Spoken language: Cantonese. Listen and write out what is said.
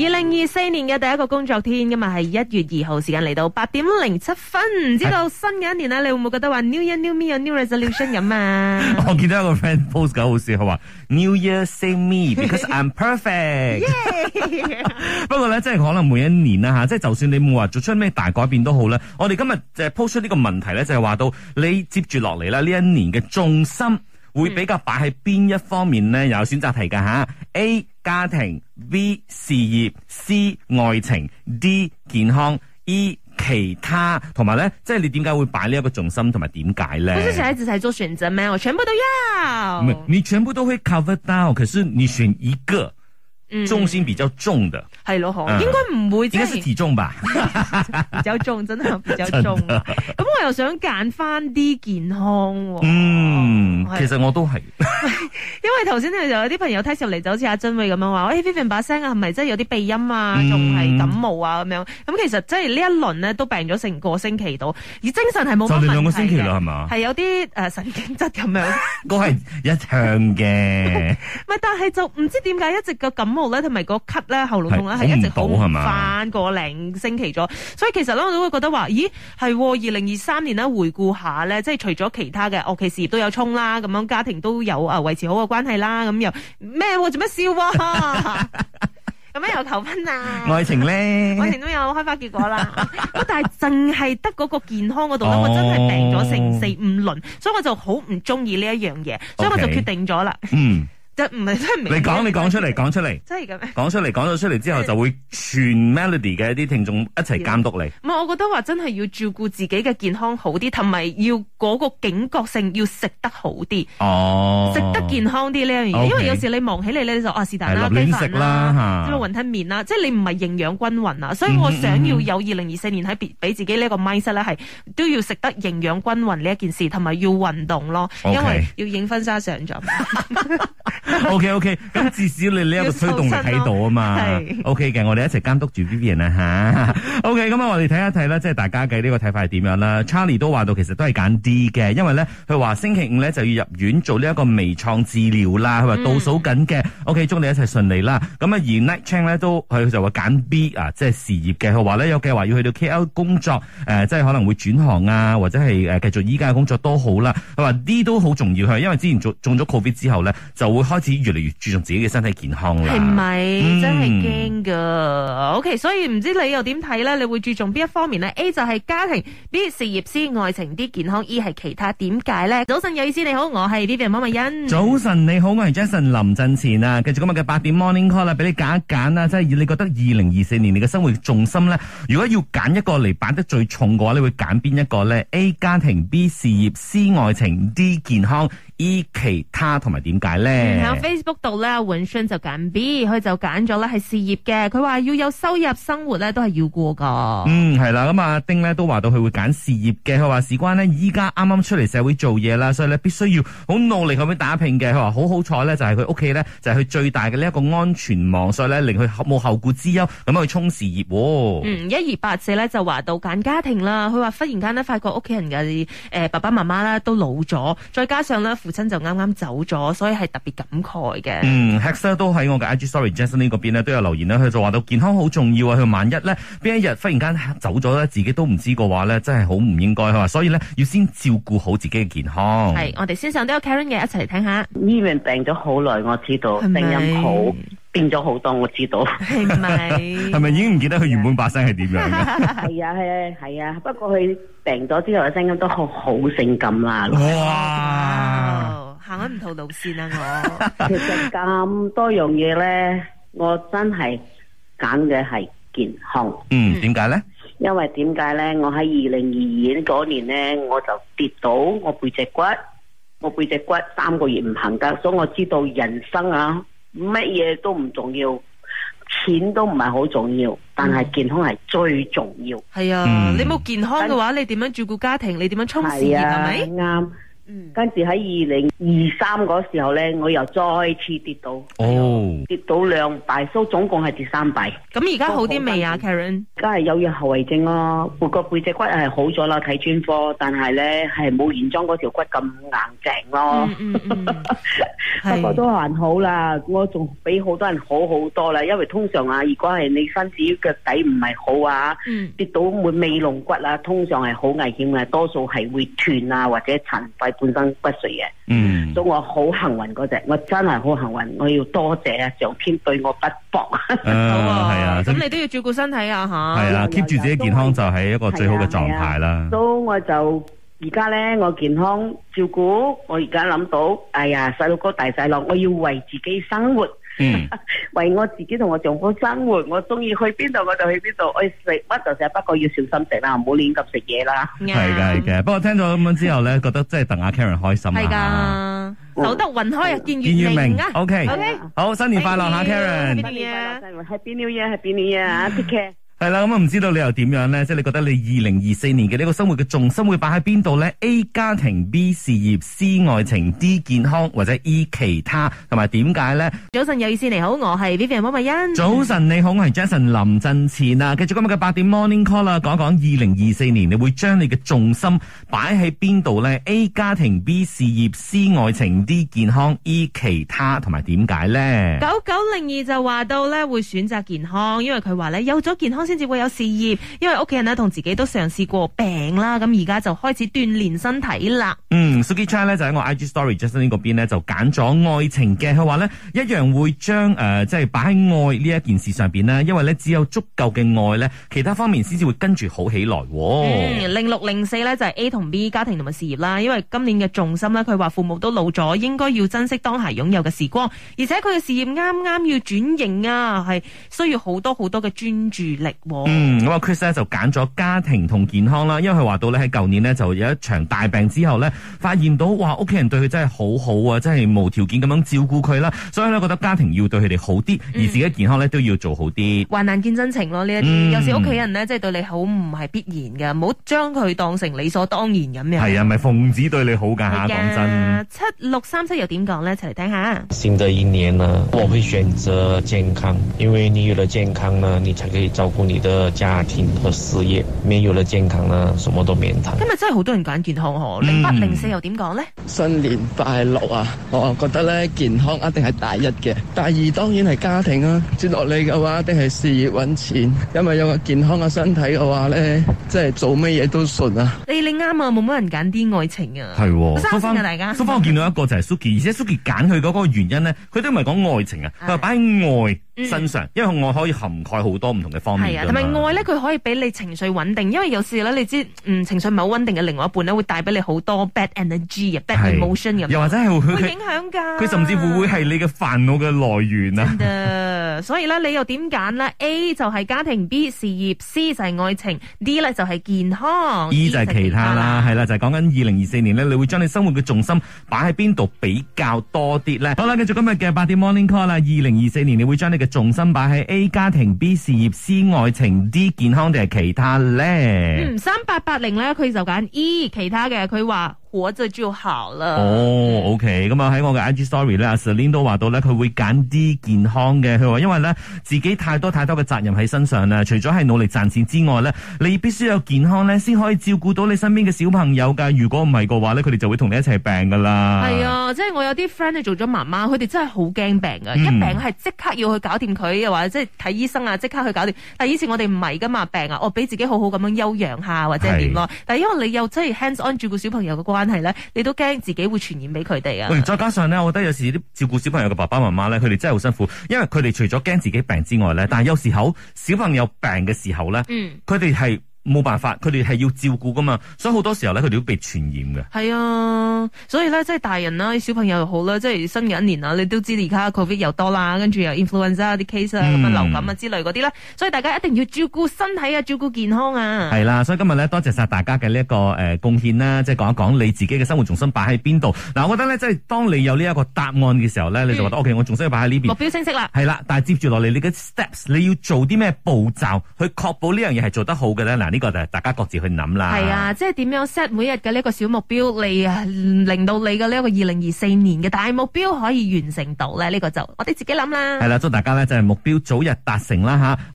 二零二四年嘅第一個工作天，今日係一月二號，時間嚟到八點零七分。唔知道新嘅一年是你會唔會覺得話 New Year New Me New, New Resolution 咁啊？ 我見到一個 friend post 個好事，係話 New Year Save Me Because I'm Perfect。 Yeah! 不過咧，即係可能每一年啦吓，即係就算你冇話做出咩大改變都好啦。我哋今日就係 po 出呢個問題咧，就係、是、話到你接住落嚟啦，呢一年嘅重心會比較擺喺邊一方面咧？有選擇題嘅吓，A 家庭。B 事業、C 愛情、D 健康、E 其他，同埋咧，即係你點解會擺呢一個重心，同埋點解咧？不是小孩子才做選擇咩？我全部都要。你全部都會 cover 到，可是你選一個。嗯、重心比較重的，係咯，是嗯、應該唔會點解，就是、應該是體重吧， 比較重，真係比較重。咁的我又想揀翻啲健康、哦。嗯，的其實我都係，因為頭先就有啲朋友睇上嚟，就好似阿俊偉咁樣話，誒，Vinvin 把聲啊，係咪真係有啲鼻音啊？仲係感冒啊？咁、嗯、樣。咁其實即係呢一輪呢都病咗成個星期到，而精神係冇咩問題嘅。就兩個星期啦，係嘛？係有啲誒神經質咁樣。我係一向嘅。咪 但係就唔知點解一直個感。咧同埋個咳咧喉嚨痛咧係是一直好翻個零星期咗，所以其實咧我都會覺得話，咦係二零二三年咧回顧下咧，即係除咗其他嘅，我其實事業都有衝啦，咁樣家庭都有啊維、呃、持好嘅關係啦，咁又咩做乜笑咁、啊、 樣又求婚啊？愛情咧，愛情都有開花結果啦， 但係淨係得嗰個健康嗰度咧， 我真係病咗成四、oh. 四五輪，所以我就好唔中意呢一樣嘢，Okay. 所以我就決定咗啦。嗯。就唔係真明，你講你講出嚟，講出嚟，真係咁咩？講出嚟，講咗出嚟之後，就會全 Melody 嘅一啲聽眾一齊監督你。唔係，我覺得話真係要照顧自己嘅健康好啲，同埋要嗰個警覺性要食得好啲哦，食得健康啲呢樣嘢。因為有時你忙起嚟咧，就啊是但啦，雞飯啦，啲雲吞麵啦，即係你唔係營養均勻啊。所以我想要有二零二四年喺別俾自己呢個 mindset 咧，係都要食得營養均勻呢一件事，同埋要運動咯，因為要影婚紗相咗。O K O K，咁至少你呢一個推動力喺度啊嘛，O K 嘅，我哋一齊監督住 Vivian 啊吓，O K，咁啊我哋睇一睇啦，即係大家嘅呢個睇法係點樣啦。Charlie 都話到其實都係揀 D 嘅，因為咧佢話星期五咧就要入院做呢一個微創治療啦，佢話倒數緊嘅，O K，祝你一切順利啦。咁啊而 Night Chang 咧都佢就話揀 B 啊，即係事業嘅，佢話咧有計劃要去到 K L 工作，誒、呃、即係可能會轉行啊，或者係誒繼續依家嘅工作都好啦。佢話 D 都好重要，佢因為之前做中中咗 COVID 之後咧就會開。開始越嚟越注重自己嘅身體健康啦，係咪？真係驚噶。嗯 OK，所以唔知你又點睇咧？你會注重邊一方面咧？A 就係家庭，B 事業，C 愛情，D 健康，E 係其他。點解咧？早晨，有意思你好，我係 Melody 媽咪欣。早晨你好，我係 Jason 林振前啊。繼續今日嘅八點 Morning Call 啦，俾你揀一揀啊，即係你覺得二零二四年你嘅生活重心咧？如果要揀一個嚟擺得最重嘅話，你會揀邊一個咧？A 家庭，B 事業，C 愛情，D 健康，E 其他，同埋點解咧？喺 Facebook 度咧，文順就揀 B，佢就揀咗喇係事業嘅，佢話要有心。收入生活咧都係要過噶嗯係啦，咁阿丁咧都話到佢會揀事業嘅，佢話事關呢，依家啱啱出嚟社會做嘢啦，所以咧必須要好努力去打拼嘅。佢話好好彩咧，就係佢屋企咧就係佢最大嘅呢一個安全網，所以咧令佢冇後顧之憂咁去衝事業。嗯，一二八四咧就話到揀家庭啦，佢話忽然間呢發覺屋企人嘅，誒，爸爸媽媽啦都老咗，再加上咧父親就啱啱走咗，所以係特別感慨嘅。嗯，Hexer 都喺我嘅 IG story, story Jasmine 嗰邊都有留言呢，佢就話到健康好重要啊！佢萬一咧，邊一日忽然間走咗咧，自己都唔知嘅話咧，真係好唔應該吓。所以咧，要先照顧好自己嘅健康。係，我哋先上都有 Karen 嘅一齊聽下。Even 病咗好耐，我知道。聲音好變咗好多，我知道。係咪？係咪已經唔記得佢原本把聲係點樣？係啊係啊係啊！不過佢病咗之後嘅聲音都好好性感啦。哇！行咗唔同路線啊！我其實咁多樣嘢咧，我真係。揀嘅係健康。嗯，點解呢？因為點解呢？我喺二零二二嗰年呢，我就跌到我背脊骨，我背脊骨三個月唔行噶，所以我知道人生啊，乜嘢都唔重要，錢都唔係好重要，但係健康係最重要。係啊，嗯、你冇健康嘅話，等你點樣照顧家庭？你點樣充實？係咪、啊？啱。跟住喺二零二三嗰時候咧，我又再次跌到，oh. 跌到兩大收，總共係跌三倍。咁而家好啲未啊，Karen？梗係有啲是後遺症咯，個、嗯、背脊骨係好咗啦，睇專科，但係咧係冇原裝嗰條骨咁硬淨咯。不過都還好啦，我仲比好多人好好多啦。因為通常啊，如果係你身子腳底唔係好啊，跌到、嗯、會尾龍骨啊，通常係好危險嘅，多數係會斷啊或者殘廢。半身不遂嘅，嗯、所以我好幸運嗰隻，我真係好幸運，我要多謝上天對我不薄。係、呃、呵啊，咁樣你都要照顧身體啊吓。係啊，keep 住、啊、自己健康就係一個最好嘅狀態啦。都、啊啊啊、我就而家咧，我健康照顧，我而家諗到，哎呀，細佬哥大細佬，我要為自己生活。嗯，為我自己同我丈夫生活，我中意去邊度我就去邊度，我食乜就食，不過要小心食啦，唔好亂咁食嘢啦。係嘅、嗯，係嘅。不過聽咗咁樣之後咧， 覺得即係鄧阿 Karen 開心。係噶，守得雲開啊，見月明啊。O K O K，好新年快樂啊、 uh,，Karen！新年快樂，Happy New Year！Happy New Year！Take care。係啦，咁啊唔知道你又點樣咧？即係你覺得你二零二四年嘅呢個生活嘅重心會擺喺邊度咧？A 家庭、B 事業、C 愛情、D 健康或者 E 其他，同埋點解咧？早晨有意思。你好，我係 Vivian 摩米欣。早晨你好，我係 Jason 林振前啊！繼續今日嘅八點 Morning Call 啦，講一講二零二四年你會將你嘅重心擺喺邊度咧？A 家庭、B 事業、C 愛情、D 健康、E 其他，同埋點解咧？九九零二就話到咧，會選擇健康，因為佢話咧有咗健康，先至會有事業，因為屋企人呢同自己都嘗試過病啦，咁而家就開始鍛煉身體啦。嗯，Suki Chan 呢就喺我 IG Story Justin 呢個邊就揀咗愛情嘅，佢話呢一樣會將誒即係擺喺愛呢一件事上邊啦，因為呢只有足夠嘅愛呢，其他方面先至會跟住好起來。嗯，零六零四呢就係 A 同 B 家庭同埋事業啦，因為今年嘅重心呢，佢話父母都老咗，應該要珍惜當下擁有嘅時光，而且佢嘅事業啱啱要轉型啊，係需要好多好多嘅專注力。哇嗯，咁啊，Chris 咧就揀咗家庭同健康啦，因為佢話到咧喺舊年呢就有一場大病之後呢，發現到哇屋企人對佢真係好好啊，真係無條件咁樣照顧佢啦，所以呢，覺得家庭要對佢哋好啲，嗯、而自己健康咧都要做好啲，患難見真情咯呢一啲，嗯、有時屋企人呢，即、就、係、是、對你好唔係必然噶，唔好將佢當成理所當然咁樣。係啊，咪奉旨對你好噶吓，講、哎、呀真。七六三七又點講呢？一齊嚟聽下。新嘅一年呢，我會選擇健康，因為你有咗健康呢，你才可以照顧。你的家庭和事業，沒有了健康呢，什麼都免談。今日真係好多人揀健康嗬，嗯、零八零四又點講呢？新年快樂啊！我覺得咧，健康一定係第一嘅，第二當然係家庭啊。接落嚟嘅話，一定係事業揾錢。因為有個健康嘅身體嘅話咧，即係做乜嘢都順啊。你你啱啊，冇乜人揀啲愛情啊，係蘇芬嘅大家蘇芬我見到一個就係 Suki 而且 Suki 揀佢嗰個原因咧，佢都唔係講愛情啊，佢話是擺喺外。身上，因為愛可以涵蓋好多唔同嘅方面噶嘛。同埋、啊、愛咧，佢可以俾你情緒穩定，因為有時咧，你知嗯情緒唔係好穩定嘅另外一半咧，會帶俾你好多 bad energy 啊是，bad emotion 又或者係會，會影響㗎，佢甚至乎會係你嘅煩惱嘅來源啊。的 所以咧，你又點揀呢？A 就係家庭，B 事業，C 就係愛情，D 咧就係健康，E 就係其他啦。係啦，就係、是、講緊二零二四年咧，你會將你生活嘅重心擺喺邊度比較多啲咧？好啦，繼續今日嘅八點 Morning Call 啦。二零二四年，你會將你嘅重心擺喺 A 家庭、B 事業、C 愛情、D 健康定係其他咧？嗯，三八八零咧，佢就揀 E 其他嘅，佢話。活着就好啦。哦、oh，OK，咁啊喺我嘅 IG Story 咧，Sarinda 話到咧，佢會揀啲健康嘅。佢話因為咧自己太多太多嘅責任喺身上咧，除咗係努力賺錢之外咧，你必須有健康咧，先可以照顧到你身邊嘅小朋友噶。如果唔係嘅話咧，佢哋就會同你一齊病噶啦。係啊，即係我有啲 friend 咧做咗媽媽，佢哋真係好驚病噶，嗯、一病係即刻要去搞掂佢，又或者即係睇醫生啊，即刻去搞掂。但以前我哋唔係噶嘛，病啊，我俾自己好好咁樣休養下或者點咯。是但因為你又真係 hands on 照顧小朋友嘅關。關係咧，你都驚自己會傳染俾佢哋啊。再加上咧，我覺得有時啲照顧小朋友嘅爸爸媽媽咧，佢哋真係好辛苦，因為佢哋除咗驚自己病之外咧，嗯、但係有時候小朋友病嘅時候咧，嗯，佢哋係，冇辦法，佢哋係要照顧噶嘛，所以好多時候咧，佢哋都被傳染嘅。係啊，所以咧，即係大人啦、啊，小朋友又好啦、啊，即係新嘅一年啊，你都知而家 covid 又多啦，跟住又 influenza 啲 case 啊，咁啊流感啊之類嗰啲啦、嗯、所以大家一定要照顧身體啊，照顧健康啊。係啦、啊，所以今日咧，多謝晒大家嘅呢一個誒貢、呃、獻啦、啊，即係講一講你自己嘅生活重心擺喺邊度。嗱、啊，我覺得咧，即係當你有呢一個答案嘅時候咧，你就覺得、嗯、O、OK, K，我仲需要擺喺呢邊。目標清晰啦。係啦、啊，但係接住落嚟，你嘅 steps 你要做啲咩步驟去確保呢樣嘢係做得好嘅咧？嗱，呢個就係大家各自去諗啦。係啊，即係點樣 set 每日嘅呢個小目標，你令到你嘅呢個二零二四年嘅大目標可以完成到咧？呢、這個就我哋自己諗啦。係啦、啊，祝大家咧就係目標早日達成啦吓。